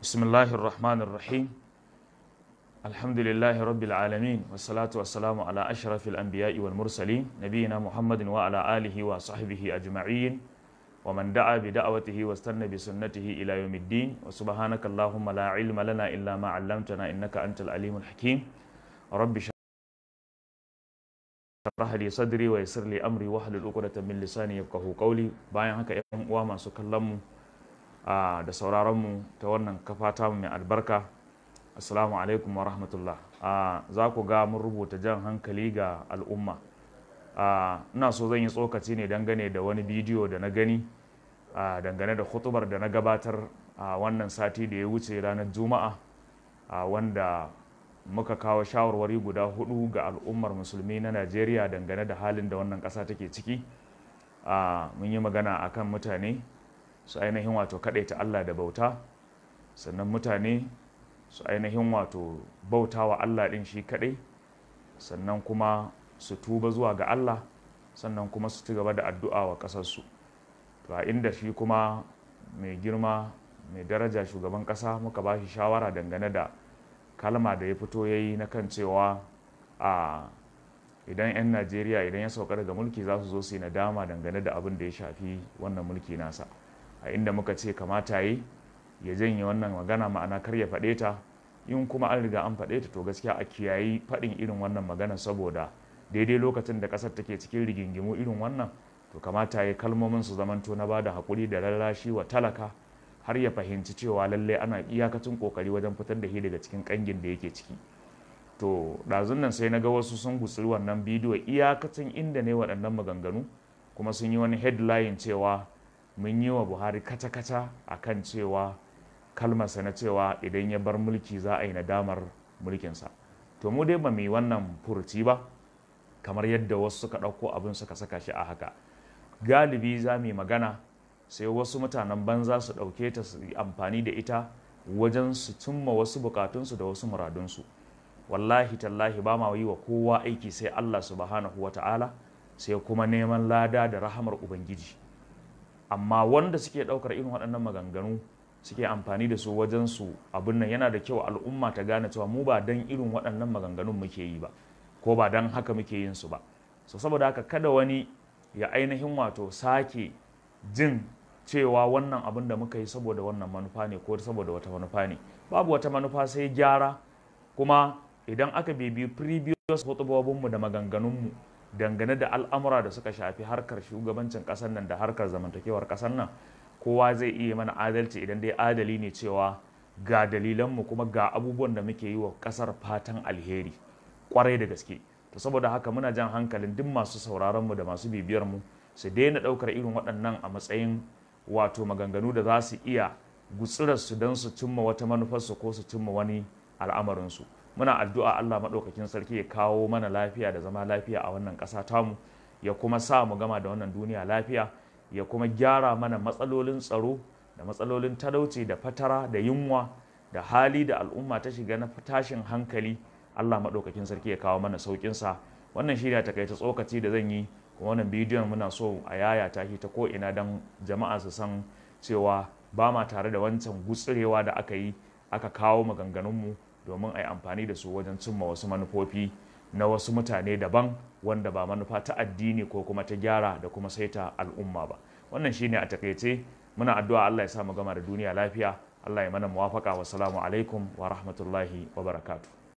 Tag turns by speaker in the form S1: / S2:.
S1: بسم الله الرحمن الرحيم الحمد لله رب العالمين والصلاة والسلام على أشرف الأنبياء والمرسلين نبينا محمد وعلى آله وصحبه أجمعين ومن دعا بدعوته واستنى بسنته إلى يوم الدين وسبحانك اللهم لا علم لنا إلا ما علمتنا إنك أنت العليم الحكيم رب sharaha li sadri wa yassir li amri wa hlul uqdatan min lisani yafqahu qawli bayan haka yan uwa masu kallon mu da sauraronmu ta wannan kafa mu mai albarka assalamu alaikum wa rahmatullah za ku ga mun rubuta jan hankali ga al'umma ina so zan yi tsokaci ne dangane da wani bidiyo da na gani dangane da hutubar da na gabatar a wannan sati da ya wuce ranar juma'a wanda muka kawo shawarwari guda hudu ga al'ummar musulmi na najeriya dangane da halin da wannan ƙasa take ciki mun yi magana akan mutane su ainihin wato kaɗai ta Allah da bauta sannan mutane su ainihin wato bauta wa Allah ɗin shi kaɗai sannan kuma su tuba zuwa ga Allah sannan kuma su ci gaba da addu'a wa ƙasarsu to a inda shi kuma mai girma mai daraja shugaban ƙasa muka ba shi shawara dangane da kalma da ya fito ya yi na kan cewa a idan 'yan najeriya idan ya sauka daga mulki za su zo su yi nadama dangane da abin da ya shafi wannan mulki nasa a inda muka ce kamata yi ya janye wannan magana ma'ana kar ya faɗe ta in kuma an riga an faɗe ta to gaskiya a kiyayi faɗin irin wannan magana saboda daidai lokacin da ƙasar take cikin rigingimu irin wannan to kamata ya kalmomin su zamanto na bada haƙuri da lallashi wa talaka har ya fahimci cewa lallai ana iyakacin ƙoƙari wajen fitar da shi daga cikin ƙangin da yake ciki to ɗazun nan sai na ga wasu sun gutsuri wannan bidiyo iyakacin inda ne waɗannan maganganu kuma sun yi wani headline cewa mun yi wa buhari kata kata a kan cewa kalmarsa na cewa idan ya bar mulki za a yi nadamar mulkinsa to mu dai ba mu yi wannan furuci ba kamar yadda wasu suka ɗauko abin suka saka shi a haka galibi za mu yi magana sai wasu mutanen banza su ɗauke ta su yi amfani da ita wajen su cimma wasu bukatunsu da wasu muradunsu wallahi tallahi ba ma yi wa kowa aiki sai allah subhanahu wa ta'ala sai kuma neman lada da rahamar ubangiji amma wanda suke ɗaukar irin waɗannan maganganu suke amfani da su wajen su abin nan yana da kyau al'umma ta gane cewa mu ba dan irin waɗannan maganganun muke yi ba ko ba dan haka muke yin su ba so saboda haka kada wani ya ainihin wato sake jin cewa wannan abin da muka yi saboda wannan manufa ne ko saboda wata manufa ne babu wata manufa sai gyara kuma idan aka bibi previous hotubobinmu da maganganunmu dangane da al'amura da suka shafi harkar shugabancin ƙasar nan da harkar zamantakewar ƙasar nan kowa zai iya mana adalci idan dai adali ne cewa ga dalilanmu kuma ga abubuwan da muke yi wa ƙasar fatan alheri kwarai da gaske to saboda haka muna jan hankalin duk masu sauraronmu da masu bibiyar mu su daina ɗaukar irin waɗannan a matsayin wato maganganu da za su iya su don su cimma wata manufarsu ko su cimma wani al'amarinsu. muna addu'a Allah maɗaukakin sarki ya kawo mana lafiya da zama lafiya a wannan ƙasa tamu ya kuma sa mu gama da wannan duniya lafiya ya kuma gyara mana matsalolin tsaro da matsalolin talauci da fatara da yunwa da hali da al'umma ta shiga na tashin hankali Allah maɗaukakin sarki ya kawo mana saukin sa wannan shirya ta takaita tsokaci da zan yi kuma wannan bidiyon muna so a yaya ta ta ko'ina ina don jama'a su san cewa ba ma tare da wancan gutsirewa da aka yi aka kawo maganganunmu domin a yi amfani da su wajen cimma wasu manufofi na wasu mutane daban wanda ba manufa ta addini ko kuma ta gyara da kuma saita al'umma ba wannan shine a takaice muna addu'a Allah ya sa mu gama da duniya lafiya Allah ya mana muwafaka wa salamu alaikum wa rahmatullahi wa barakatuh